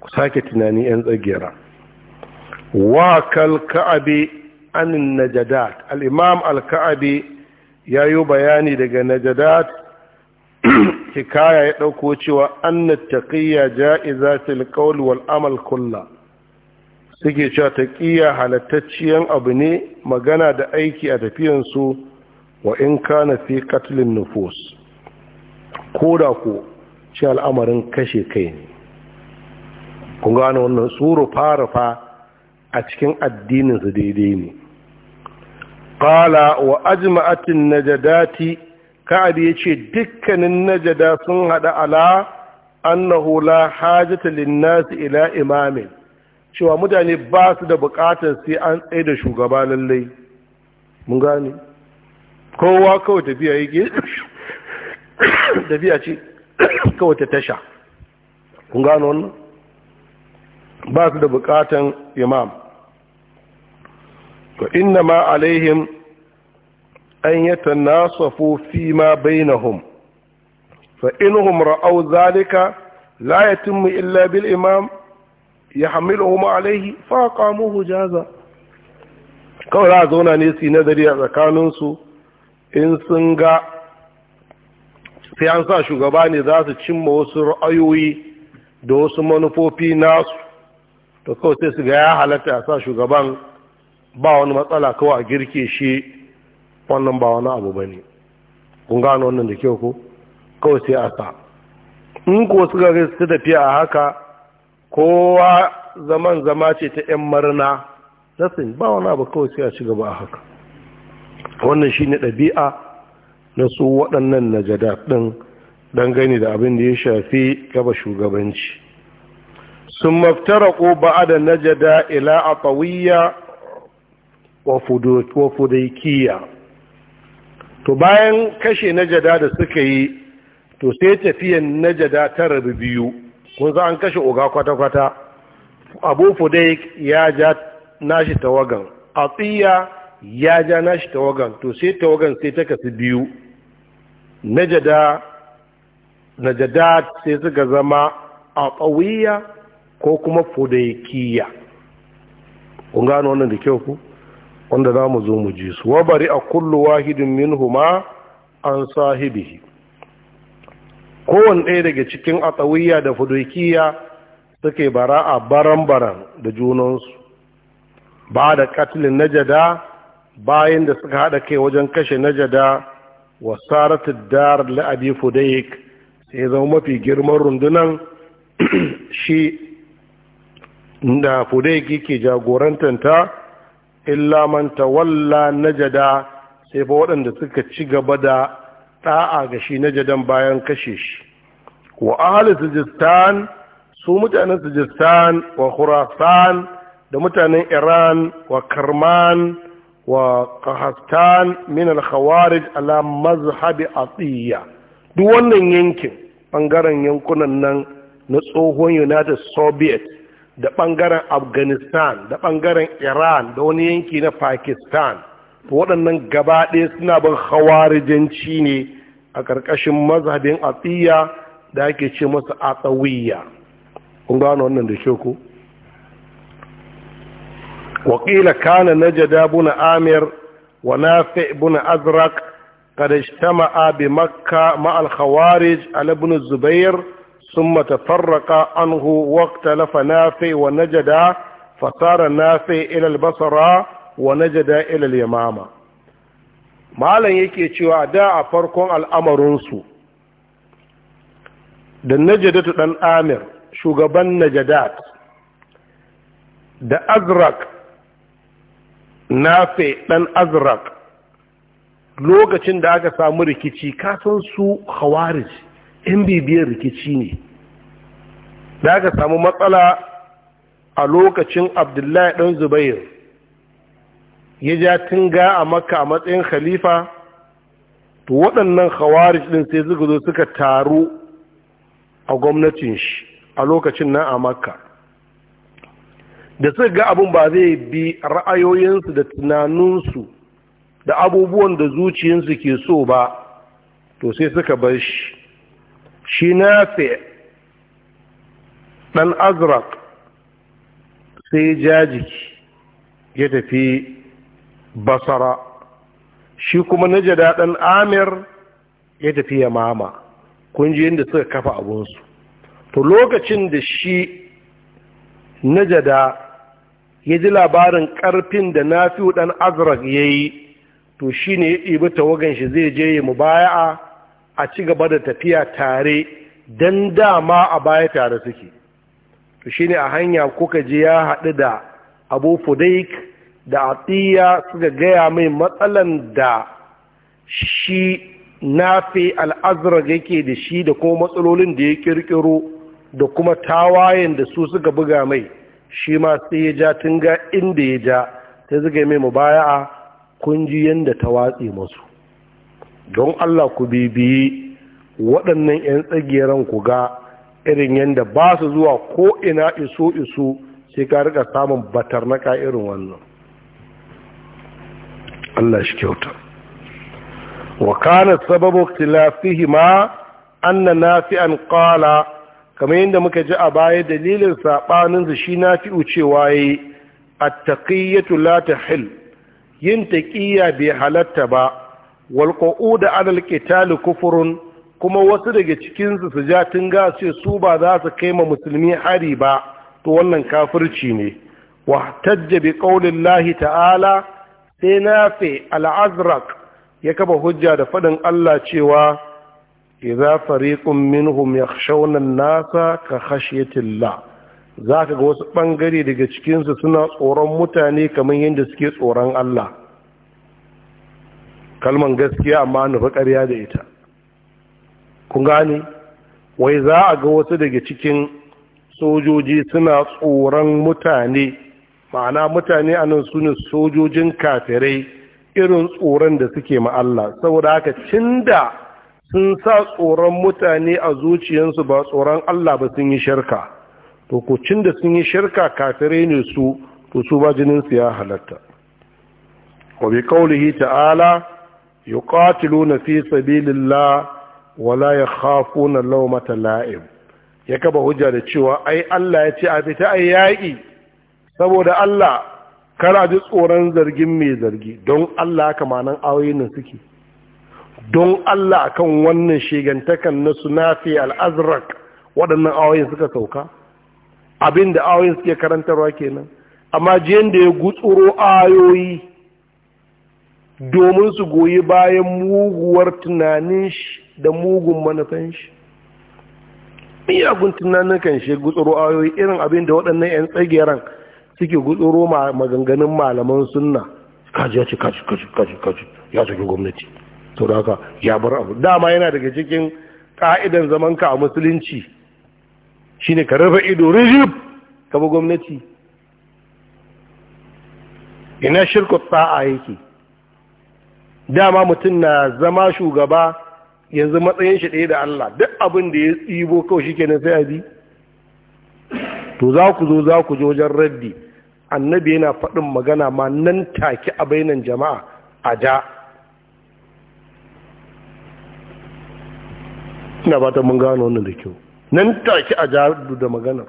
ku sake tunani 'yan tsagera wa abe. anin najadat al'imam al ya yi bayani daga najadat hikaya ya ɗauko cewa annat taqiyya ja'iza fil Wal'amal amal kulla suke cewa taqiyya halattacciyan abu ne magana da aiki a tafiyar su wa in kana fi qatlin nufus koda ku shi al'amarin kashe kai ne Ku gane wannan suru fara fa a cikin addininsu daidai ne ƙala wa ajma'atin najadati ka'ab ya ce dukkanin najada sun haɗa ala annahu la hajata linnasi ila imamin cewa mutane ba su da buƙatar sai an tsaye da shugaba lallai mun gane kowa kawai tafiya yake tafiya ce kawai ta tasha kun gano wannan ba su da bukatan imam to inna ma alaihim an tanasafu fi ma bainahum fa inhum ra'aw zalika la yatimmu illa bil imam yahmiluhum alaihi fa qamuhu jaza kawai za a zauna ne su yi nazari a tsakaninsu in sun ga sai an sa shugaba ne za su cimma wasu ra'ayoyi da wasu manufofi nasu to kawai sai su ga ya halatta a sa shugaban ba wani matsala kawai a girke shi wannan ba wani abu ba ne kun gano wannan da kyau ko kawai sai a sa in ko su ga su tafiya a haka kowa zaman zama ce ta 'yan marna nasin ba wani abu kawai sai a ci gaba a haka wannan shi ne ɗabi'a na su waɗannan najada ɗin dangane da abin da ya shafi gaba shugabanci sun maftaraku ba'ada najada ila atawiyya wa fudaikiya to bayan kashe najada da suka yi to sai tafiyan najada ta rabu biyu kun an kashe oga kwata-kwata abu fudaik ya ja nashi tawagan atsiya ya ja nashi tawagan to sai tawagan sai ta kasu biyu najada najadat sai suka zama a ƙawiyya ko kuma fudaikiya kun gano wannan da kyau ku wanda za mu zo mu ji su wa bari a kullu wahidin minhuma an sahibihi kowane ɗaya daga cikin atawiyya da fudaikiya suke bara'a baran-baran da junansu ba da katilin najada bayan da suka haɗa kai wajen kashe najada wa saratar dar la'abi fudaik sai zama mafi girman rundunan shi da fudai kike jagorantanta illa man tawalla najada sai fa waɗanda suka ci gaba da ɗa'a ga shi najadan bayan kashe shi wa ahli sijistan su mutanen sijistan wa khurasan da mutanen iran wa karman wa kahastan min al-khawarij ala mazhabi atiya duk wannan yankin bangaren yankunan nan na tsohon united soviet da ɓangaren afghanistan da ɓangaren iran da wani yanki na pakistan waɗannan gaba ɗaya suna bin hawarijanci ne a ƙarƙashin mazhabin atiyya da ake ce masa atsawiyya kun gano wannan da ke ku waƙila kana na jada buna amir wa nafi buna azraq قد اجتمع bi makka ma'al hawarij ابن الزبير ثم تفرق عنه واختلف نافع ونجد فصار نافع إلى البصرة ونجد إلى اليمامة malam yake cewa da a farkon al'amarinsu da najadatu ɗan amir shugaban najada. da azrak nafe ɗan azrak lokacin da aka samu rikici kasan su khawarij in bibiyar rikici ne da aka samu matsala a lokacin abdullahi ɗan zubair ya ja tunga a maka a matsayin khalifa to waɗannan khawarij ɗin sai suka zo suka taru a gwamnatin shi a lokacin nan a makka da suka ga abin ba zai bi ra'ayoyinsu da tunaninsu da abubuwan da zuciyinsu ke so ba to sai suka bar shi shi nafi ɗan azraq sai jajiki ya tafi basara shi kuma najada ɗan amir ya tafi yamama kun suka kafa abunsu to lokacin da shi najada ya ji labarin ƙarfin da nafi ɗan azraq ya yi to shi ne ya ɗibi tawagan shi zai je yi mubaya'a a ci gaba da tafiya tare don dama a baya tare suke to ne a hanya kuka je ya haɗu da abu fudaik da atiya suka gaya mai matsalan da shi nafi al'azrag yake da shi da kuma matsalolin da ya kirkiro da kuma tawayen da su suka buga mai shi ma sai ya ja tun ga inda ya ja ta zuga mai mubaya'a kun ji yadda ta watse masu don Allah ku bibiyi waɗannan 'yan tsagiran ku ga irin yadda ba su zuwa ko'ina ina iso iso sai ka rika samun batar na irin wannan Allah shi kyauta wa kana sababu tilafihi ma anna nafi'an qala kamar yadda muka ji a baya dalilin sabanin su shi nafi'u cewa yi at-taqiyatu la tahil yin taƙiyya bai halatta ba wal da alal qital kufrun kuma wasu daga cikin su su ja tunga su ba za su kai ma musulmi hari ba to wannan kafirci ne wa tajja bi qaulillahi ta'ala sai nafi al-azraq ya kafa hujja da faɗin Allah cewa idza fariqun minhum yakhshawna an-nasa ka khashyatillah zaka ga wasu bangare daga cikin su suna tsoron mutane kamar yadda suke tsoron Allah kalman gaskiya amma nufi ƙarya da ita kun gane wai za a ga wasu daga cikin sojoji suna tsoron mutane ma'ana mutane a nan su ne sojojin kafirai irin tsoron da suke ma'alla saboda haka cin da sun sa tsoron mutane a zuciyarsu ba tsoron Allah ba sun yi shirka to ku cin da sun yi shirka kafirai ne su to su ba jininsu ya halatta wa bi ta'ala yuqatiluna fi sabilillah wala yakhafuna lawmata la'im ya kaba hujja da cewa ai Allah ya ce a fita ai yaƙi saboda Allah kana ji tsoron zargin mai zargi don Allah haka manan ayoyin suke don Allah akan wannan shigantakan na sunafi al-azraq waɗannan ayoyin suka sauka abinda ayoyin suke karantarwa kenan amma jiyan da ya gutsuro ayoyi domin su goyi bayan muguwar tunanin shi da mugun manufan shi miyagun tunanin kan shi gutsuro ayoyi irin abin da waɗannan 'yan tsageran suke gutsuro maganganun malaman sunna kaji ya ce kaji kaji kaji kaji ya saki gwamnati to da haka ya bar abu dama yana daga cikin ka'idan zaman ka a musulunci shine ka rufe ido rijib ka bi gwamnati ina shirku sa'a yake dama mutum na zama shugaba yanzu matsayin shi ɗaya da Allah duk abin da ya tsibo kawai shi kenan sai a bi to za ku zo za ku je wajen raddi annabi yana faɗin magana ma nan take a bainan jama'a a ja ina ba ta mun gano wannan da kyau nan take a ja da maganar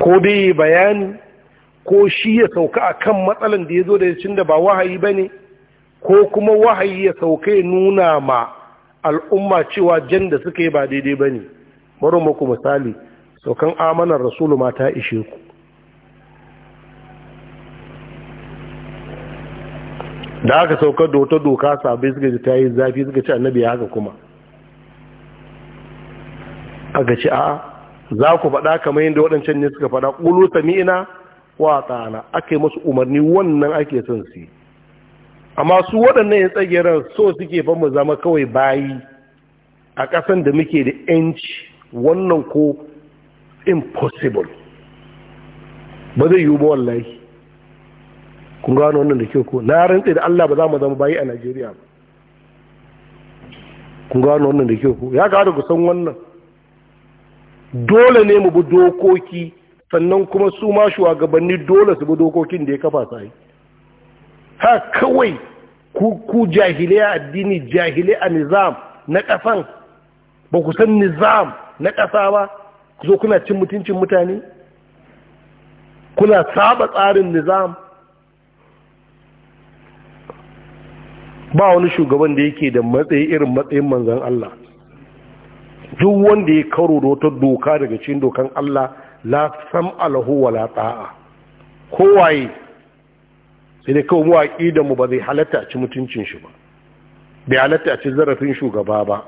ko dai bayani ko shi ya sauka a kan matsalan da ya zo da ya cin da ba wahayi ba ne ko kuma wahayi ya sauka ya nuna ma al'umma cewa jan da suka yi ba daidai ba ne bari misali saukan amanar rasulu mata ishe ku da aka saukar da wata doka sabai suka ji ta yi zafi suka ci annabi ya haka kuma aka ci a za ku faɗa kamar yadda waɗancan ne suka faɗa ƙulu sami'ina wa ake aka masu umarni wannan ake son su amma su waɗannan ya ran so suke fa mu zama kawai bayi a ƙasan da muke da yanci wannan ko impossible ba zai yiwu ba wallahi kun gano wannan da kyau ko na rantse da Allah ba za mu zama bayi a Najeriya ba kun gano wannan da kyau ko ya ga da san wannan dole ne mu bi dokoki sannan kuma su ma shugabanni dole su bi dokokin da ya kafa sai ha kawai ku ku jahiliya addini a nizam na kasan ba ku san nizam na kasa ba ku zo kuna cin mutuncin mutane kuna saba tsarin nizam ba wani shugaban da yake da matsayi irin matsayin manzan Allah duk wanda ya karo da wata doka daga cikin dokan Allah la alahu wa la ta'a kowaye sai dai kawai mu aqidan mu ba zai halatta a ci mutuncin shi ba bai halatta a ci zarafin shugaba ba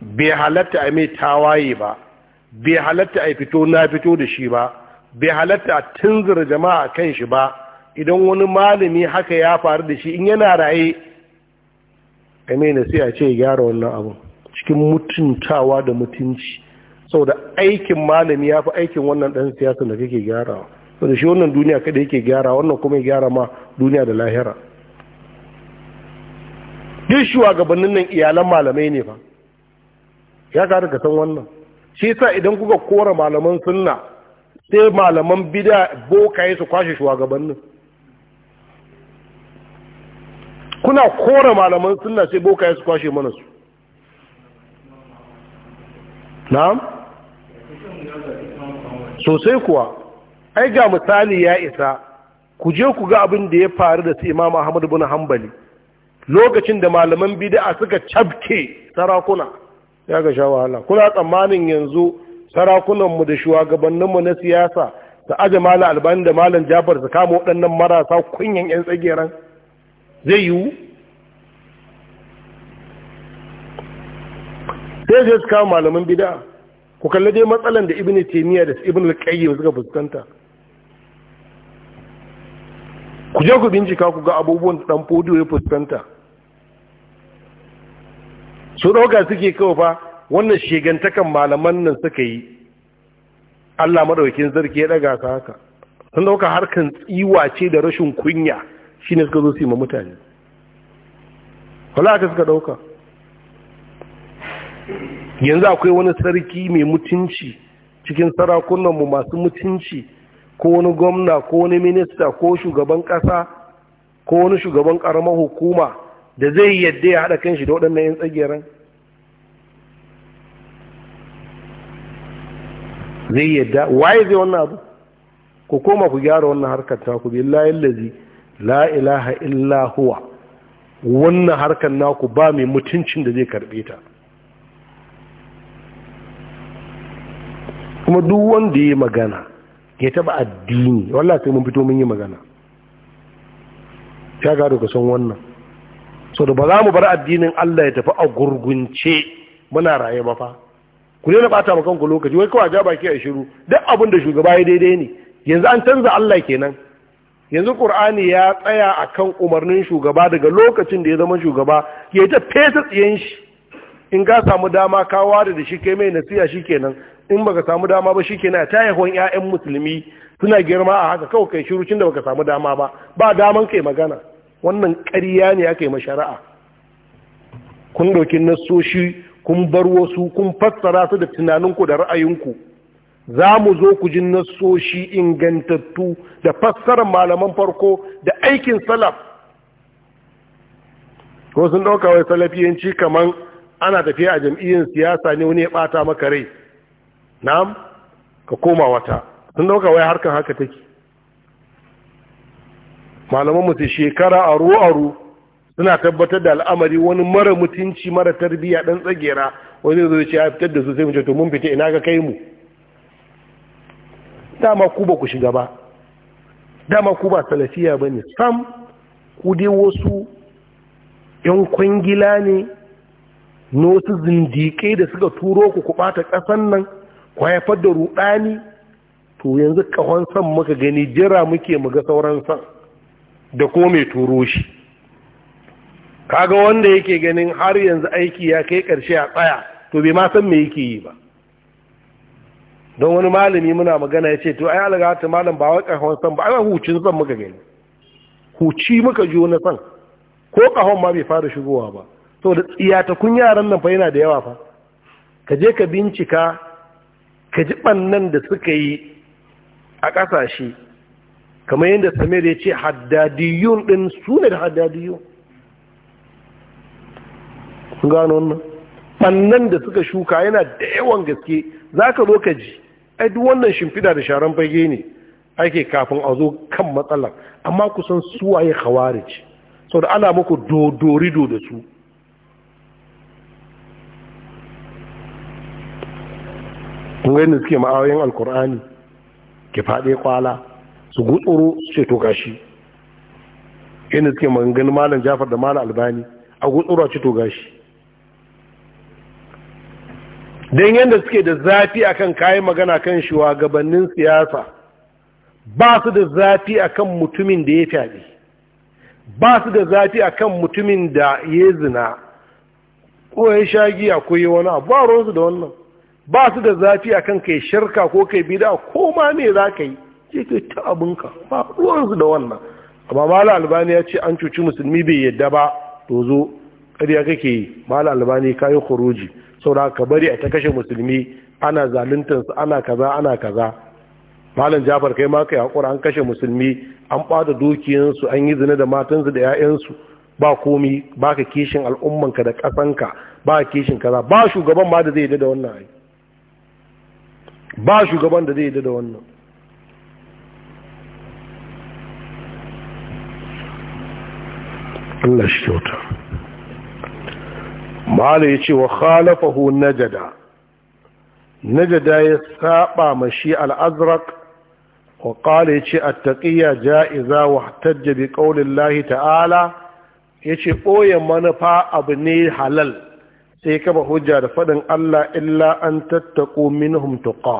bai halatta a mai tawaye ba bai halatta a fito na fito da shi ba bai halatta a tunzura jama'a kan shi ba idan wani malami haka ya faru da shi in yana raye a mai nasiya ce ya gyara wannan abin cikin mutuntawa da mutunci Sau da aikin malami ya fi aikin wannan ɗan siyasa da kake gyarawa wanda shi wannan duniya kada yake gyara wannan kuma ya gyara ma duniya da lahira duk shugabannin nan iyalan malamai ne fa ya kada ka san wannan shi yasa idan kuka kora malaman sunna sai malaman bida bokaye su kwashe shugabannin kuna kora malaman sunna sai bokaye su kwashe mana su na'am sosai kuwa ai ga misali ya isa ku je ku ga abin da ya faru da su imam ahmad bin hanbali lokacin da malaman bid'a suka cafke sarakuna ya ga wahala kuna tsammanin yanzu sarakunanmu da shugabanninmu na siyasa da aje malam albani da malam jafar su kama waɗannan marasa kunyan 'yan tsageran zai yiwu sai zai su kama malaman bida ku kalli dai matsalan da ibn taymiya da ibn al-qayyim suka fuskanta ku je ku bincika ku ga abubuwan da dan fodi ya fuskanta su dauka suke kawo fa wannan shegantakan malaman nan suka yi Allah madaukakin sarki ya daga ka haka sun dauka harkan tsiwa ce da rashin kunya shine suka zo su yi ma mutane wala ka suka dauka yanzu akwai wani sarki mai mutunci cikin sarakunanmu masu mutunci ko wani gwamna ko wani minista ko shugaban ƙasa ko wani shugaban ƙaramar hukuma da zai yadda ya haɗa kan shi da waɗannan yin tsageren zai yadda waye zai wannan abu ku koma ku gyara wannan harkar taku billahi allazi la ilaha illa huwa wannan harkar naku ba mai mutuncin da zai karbe ta kuma duk wanda ya magana ya taba addini wallah sai mun fito mun yi magana ya gado ka san wannan so da ba za mu bar addinin Allah ya tafi a gurgunce muna raye ba fa ku ne na bata maka kanku lokaci wai kawai ja baki a shiru duk abin da shugaba ya daidai ne yanzu an canza Allah kenan yanzu Qur'ani ya tsaya akan umarnin shugaba daga lokacin da ya zama shugaba ya ta fesa tsiyen shi in ka samu dama ka ware da shi kai mai nasiya kenan in baka samu dama ba shi shikenan ta yawan ƴaƴan musulmi suna girma a haka kawai kai shiru da baka samu dama ba ba daman kai magana wannan ƙarya ne aka yi mashari'a kun ɗauki nasoshi kun bar wasu kun fassara su da tunaninku da ra'ayinku za mu zo ku ji nasoshi ingantattu da fassarar malaman farko da aikin salaf ko sun ɗauka wai salafiyanci kaman ana tafiya a jam'iyyar siyasa ne wani ya ɓata maka rai na'am ka koma wata sun dauka wai harkan haka take malaman mu shekara ruwa aru suna tabbatar da al'amari wani mara mutunci mara tarbiyya dan tsagera wani zai ce ya fitar da su sai mu ce to mun fita ina ga kai mu dama ku ba ku shiga ba dama ku ba salafiya ba ne sam ku dai wasu yan kwangila ne na wasu zindiƙai da suka turo ku ku ɓata ƙasan nan ku haifar da rudani to yanzu kahon san muka gani jira muke muga sauran san da ko mai turo shi kaga wanda yake ganin har yanzu aiki ya kai karshe a tsaya to bai ma san me yake yi ba don wani malami muna magana ya ce to ai algata malam ba wai kahon san ba ai hucin san muka gani huci muka jo na san ko kahon ma bai fara shigowa ba saboda tsiya ta kun yaran nan fa yana da yawa fa ka je ka bincika ka ji ɓannan da suka yi a ƙasashe kamar yadda samir ya ce haddadiyun ɗin su ne da haddadiyun gano wannan ɓannan da suka shuka yana da yawan gaske za ka zo ka ji aidu wannan shimfida da sharan fage ne ake kafin a zo kan matsala, amma kusan suwaye kawarici sau da ana muku dodorido da su kun ga yadda suke ma'ayoyin alkur'ani ke faɗe kwala su gutsuro su ce to gashi yadda suke maganganun malam jafar da malam albani a gutsuro a ce to gashi don yadda suke da zafi akan kayan magana kan shugabannin siyasa ba su da zafi akan mutumin da ya fyaɗe ba su da zafi akan mutumin da ya zina ko ya sha giya ko yi wani abu a da wannan ba su da zafi a akan kai shirka ko kai bida ko ma me za ka yi ce kai ta abinka ba ruwansu da wannan amma mala albani ya ce an cuci musulmi bai yadda ba to zo ƙarya kake yi mala albani ka yi kuruji saboda ka bari a ta kashe musulmi ana zaluntar ana kaza ana kaza malam jafar kai ma kai hakura an kashe musulmi an ɓata dukiyansu an yi zina da matansu da 'ya'yansu ba komi ba ka kishin al'ummanka da ƙasanka ba kishin kaza ba shugaban ma da zai yadda da wannan ai ba shugaban da zai da wannan Allah shi kyauta ma'ala ya ce wa khalafahu najada najada ya saba ma shi al'azrak wa ƙala ya ce attaƙiyya ja'iza wa tajjabi ƙaunin lahi ta'ala ya ce ɓoye manufa abu ne halal sai ka ba hujja da faɗin Allah illa an tattako minhum tuqa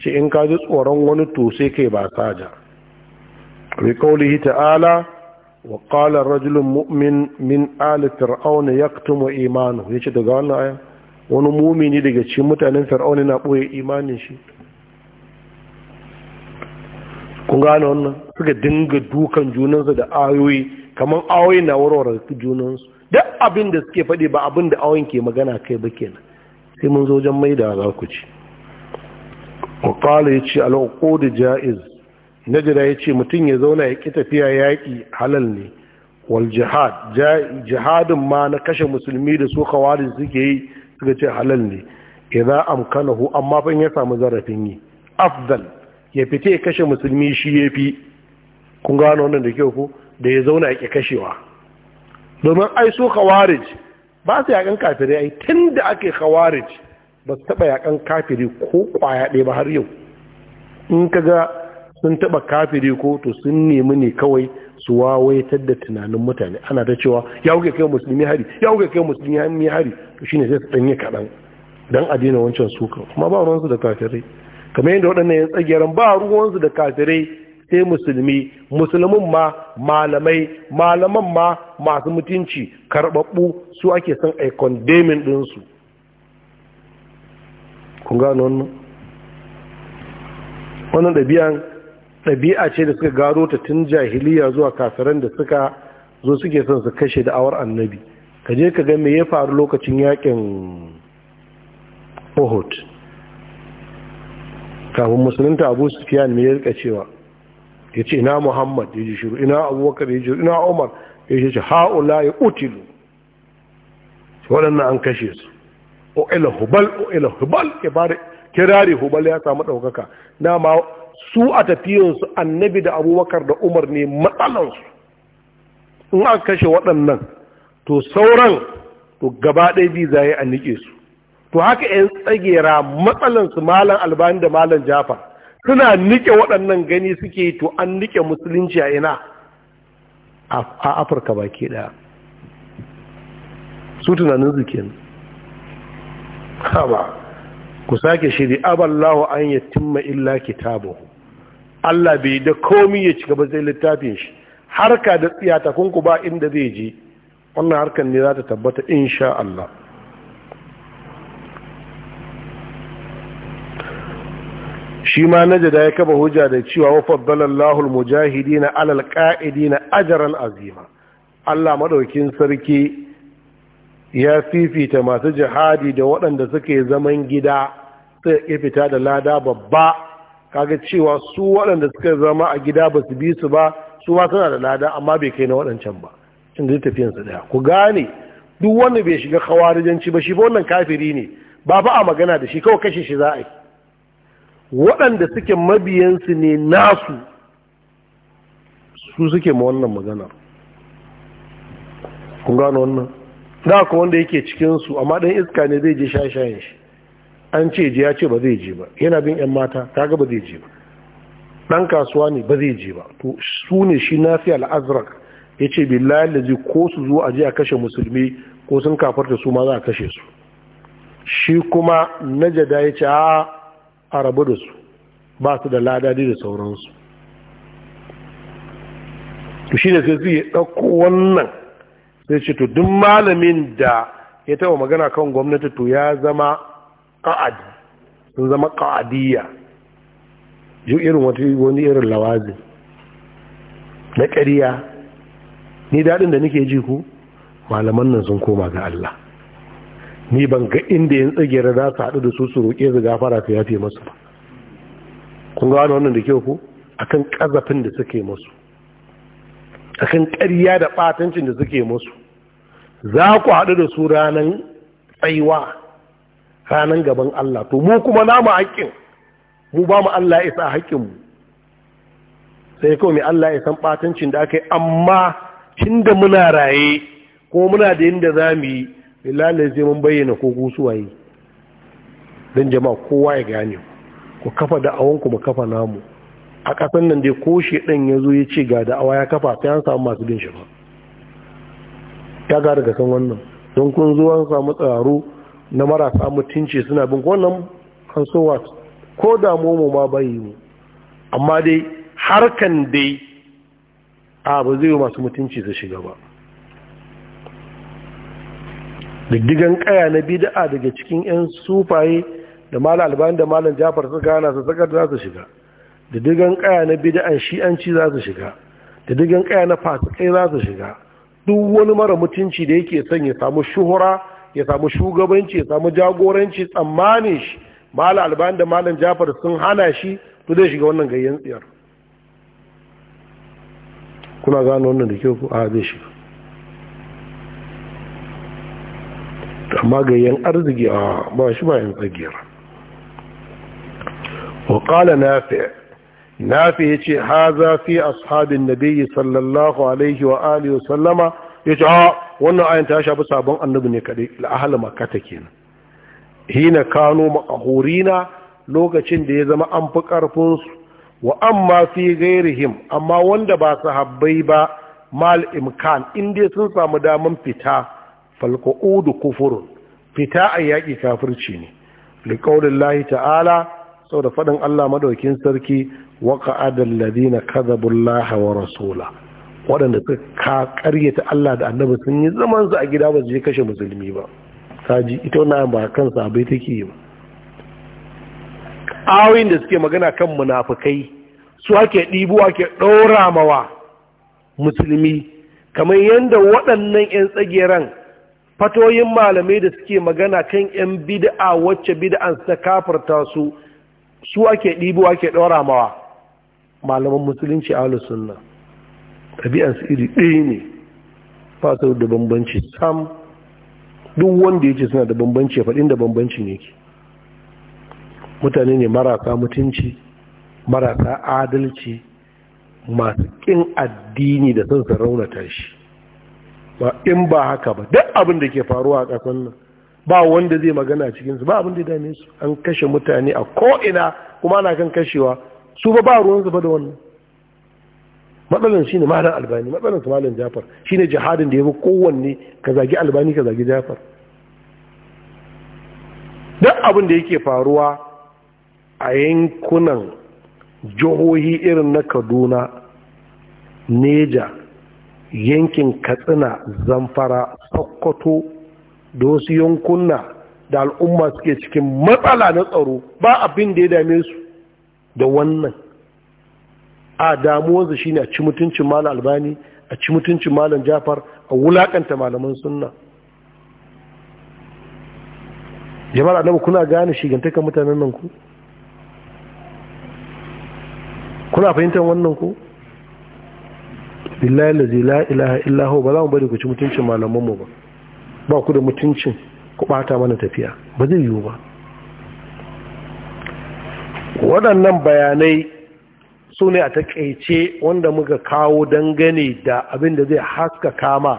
ce in ka ji tsoron wani to sai kai ba ja bi qawlihi ta'ala wa qala ar-rajulu mu'min min ali fir'aun yaktumu imanuhu yace daga wannan aya wani mumini daga cikin mutanen fir'aun na boye imanin shi kun gane wannan suka dinga dukan junansu da ayoyi kamar ayoyi na warware junansu duk abin da suke faɗi ba abin da awon ke magana kai ba nan sai mun zo wajen da za ku ci wakala ya ce alaƙo da ja'iz jira ya ce mutum ya zauna ya ƙi tafiya yaƙi halal ne wal jihad jihadin ma na kashe musulmi da su kawari suke yi suka ce halal ne idan hu amma fa ya samu zarafin yi afdal ya fita ya kashe musulmi shi ya fi kun gano wannan da kyau ko da ya zauna ya ƙi kashewa domin ai su khawarij ba su yakan kafirai ai tun da ake khawarij ba su taɓa yakan kafiri ko ƙwaya ɗaya ba har yau in ka ga sun taɓa kafiri ko to sun nemi ne kawai su wawaitar da tunanin mutane ana ta cewa ya wuke kai musulmi hari ya wuke kai musulmi hari to shine sai su ɗanye kaɗan don a daina wancan suka kuma ba ruwansu da kafirai kamar yadda waɗannan yan tsagiyar ba ruwansu da kafirai sai musulmi musulmin ma malamai malaman ma masu mutunci karɓaɓɓu su ake son a condemning ɗinsu kun gano wannan wannan ɗabi'an ɗabi'a ce da suka gano ta tun jahiliya zuwa kafiran da suka zo suke son su kashe da'awar annabi ka je ka ga me ya faru lokacin yakin uhud kafin musulunta abu fiya ne ya rika cewa ya ce ina muhammad ya ji shiru ina abubakar ya ji shiru ina umar ya ce ha'ula ya utilu waɗannan an kashe su o'ila hubal o'ila hubal ya ba da kirari hubal ya samu ɗaukaka ma su a tafiyansu annabi da abubakar da umar ne matsalansu in an kashe waɗannan to sauran to gaba ɗaya bi za a niƙe su to haka 'yan tsagera matsalansu malan albani da malan jafar suna nike waɗannan gani suke to an nike musulunci a ina a afirka baki ɗaya su tunanin zuke haba ku sake shiri aballahu an yi timma illa kitabu Allah bai da komi ya ci ba zai littafin shi harka da tsiyatakunku ba inda zai je wannan harkar ne za ta tabbata insha Allah shi ma na najada ya kaba hujja da cewa wa faddalallahu almujahidina alal qa'idina ajran azima Allah madaukin sarki ya fifita masu jihadi da waɗanda suke zaman gida sai fita da lada babba kaga cewa su waɗanda suka zama a gida ba su bi su ba su ma suna da lada amma bai kai na wadancan ba cin da su daya ku gane duk wanda bai shiga khawarijanci ba shi ba wannan kafiri ne ba ba a magana da shi kawai kashe shi za a yi waɗanda suke mabiyansu ne nasu su suke ma wannan magana kun gano wannan da ka wanda yake cikinsu amma ɗan iska ne zai je shayen shi an ce ji ya ce ba zai je ba yana bin 'yan mata kaga ba zai je ba ɗan kasuwa ne ba zai je ba to su ne shi nafi al'azrak ya ce billahi lazi ko su zo a je a kashe musulmi ko sun kafarta su ma za a kashe su shi kuma najada ya ce a a rabu da su ba su da ladadi da sauransu to shi da sai su ɗauko wannan sai ce to duk malamin da ya taɓa magana kan gwamnati to ya zama ƙa'adi sun zama ƙa'adiyya ju irin wani irin lawazi na ƙariya ni daɗin da nake ji ku malaman nan sun koma ga Allah ni ban ga inda yin tsagera za su haɗu da su su roƙe su gafara su yafe masu ba kun ga wani wannan da kyau ku akan ƙazafin da suke masu akan ƙarya da ɓatancin da suke masu za ku haɗu da su ranar tsaiwa ranar gaban Allah to mu kuma namu haƙƙin mu ba mu Allah ya isa haƙƙinmu sai kawai mai Allah ya san ɓatancin da aka yi amma tun da muna raye ko muna da yin za mu yi lalai sai mun bayyana ko gusuwaye don jama'a kowa ya gane ku kafa da'awanku mu kafa namu a ƙasan nan dai ko shi dan ya zo ya ce ga da awa ya kafa ta yan samu masu bin shi ba ya ga daga san wannan don kun zo an samu tsaro na marasa mutunci suna bin wannan kan so wa ko damu mu ma bayi mu amma dai harkan dai a ba zai masu mutunci su shiga ba diddigan kaya na bid'a daga cikin 'yan sufaye da malam albani da malam jafar su gana su sakar za su shiga diddigan kaya na bid'an shi'anci za su shiga diddigan kaya na fasikai za su shiga duk wani mara mutunci da yake son ya samu shuhura ya samu shugabanci ya samu jagoranci tsammanin shi malam albani da malam jafar sun hana shi to zai shiga wannan gayyan tsiyar kuna gano wannan da kyau ko a zai shiga amma ga yan arziki a ba shi ba yan tsagiyar waƙala nafi nafi ya ce ha za fi ashabin biyu sallallahu alaihi wa aliyu sallama ya ce a wannan ayin ta shafi sabon annabi ne kaɗai la'ahala makata Hi na kano ma'ahurina lokacin da ya zama an fi ƙarfinsu wa ma fi gairihim amma wanda ba habbai ba mal imkan inda sun samu damar fita falqu'udu kufurun fita a yaƙi kafirci ne liƙaunin lahi ta'ala sau da faɗin Allah maɗaukin sarki waka Adal na kazabun lahawa rasula waɗanda suka ƙaryata Allah da annabi sun yi zaman su a gida ba su je kashe musulmi ba kaji ita wannan ba kan sabai take yi ba da suke magana kan munafukai su ake ɗibo ake ɗora mawa musulmi kamar yadda waɗannan 'yan tsageren fatoyin malamai da suke magana kan 'yan bid'a wacce bid'an ta kafarta su su ake ɗibo ake ɗora mawa malaman musulunci a sunna ɗabi'ansu iri ɗaya ne ba su da bambanci sam duk wanda ya ce suna da bambanci ya faɗin da bambanci ne ke mutane ne marasa mutunci marasa adalci masu ƙin addini da son sa raunata shi ba in ba haka ba duk abin da ke faruwa a ƙasar nan ba wanda zai magana cikin su ba abin da dame su an kashe mutane a ko ina kuma ana kan kashewa su ba ba ruwan ba da wannan matsalan shine malam albani matsalan su malam jafar shine jihadin da ya fi kowanne ka zagi albani ka zagi jafar duk abin da yake faruwa a yankunan jihohi irin na kaduna neja yankin katsina zamfara sokoto da wasu yankunna da al'umma suke cikin matsala na tsaro ba abin da ya dame su da wannan a damuwarsu shine a ci mutuncin malam albani a ci mutuncin malam jafar a wulaƙanta malaman sunna jama'ar annabi kuna gane shigantakan mutanen nan ku kuna fahimtar wannan ku billahi lazi la ilaha illahu ba za mu bari ku ci mutuncin malaman mu ba ba ku da mutuncin ku bata mana tafiya ba zai yiwu ba waɗannan bayanai su ne a takaice wanda muka kawo dangane da abin da zai haska kama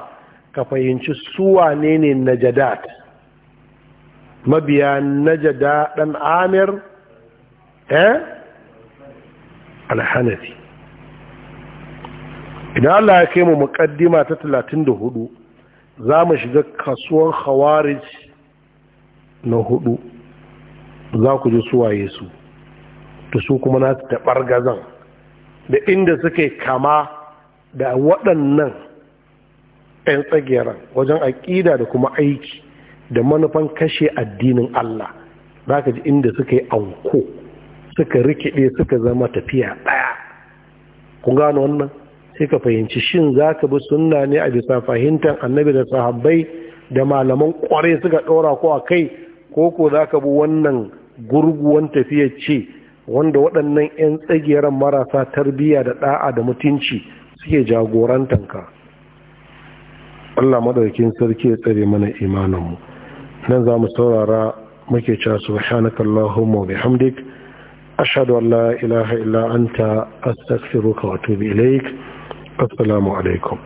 ka fahimci suwa ne ne na najadat mabiya jada ɗan amir eh alhanafi idan Allah ya kai mu muƙaddima ta 34 za mu shiga kasuwan khawarij na hudu za ku ji suwaye su to su kuma na ta bargazan da inda suke kama da waɗannan 'yan tsagiyar wajen aƙida da kuma aiki da manufan kashe addinin Allah za ka ji inda suka anko suka rikide suka zama tafiya ɗaya kun gano wannan sai ka fahimci shin za ka bi sunna ne a bisa fahimtar annabi da sahabbai da malaman kware suka ɗora ko a kai ko ko za ka bi wannan gurguwan tafiya ce wanda waɗannan 'yan tsagiyar marasa tarbiyya da ɗa'a da mutunci suke jagorantanka Allah madaukin sarki ya tsare mana imaninmu nan za mu saurara muke cewa subhanakallahumma wa bihamdik ashhadu an la ilaha illa anta astaghfiruka wa atubu ilaik السلام عليكم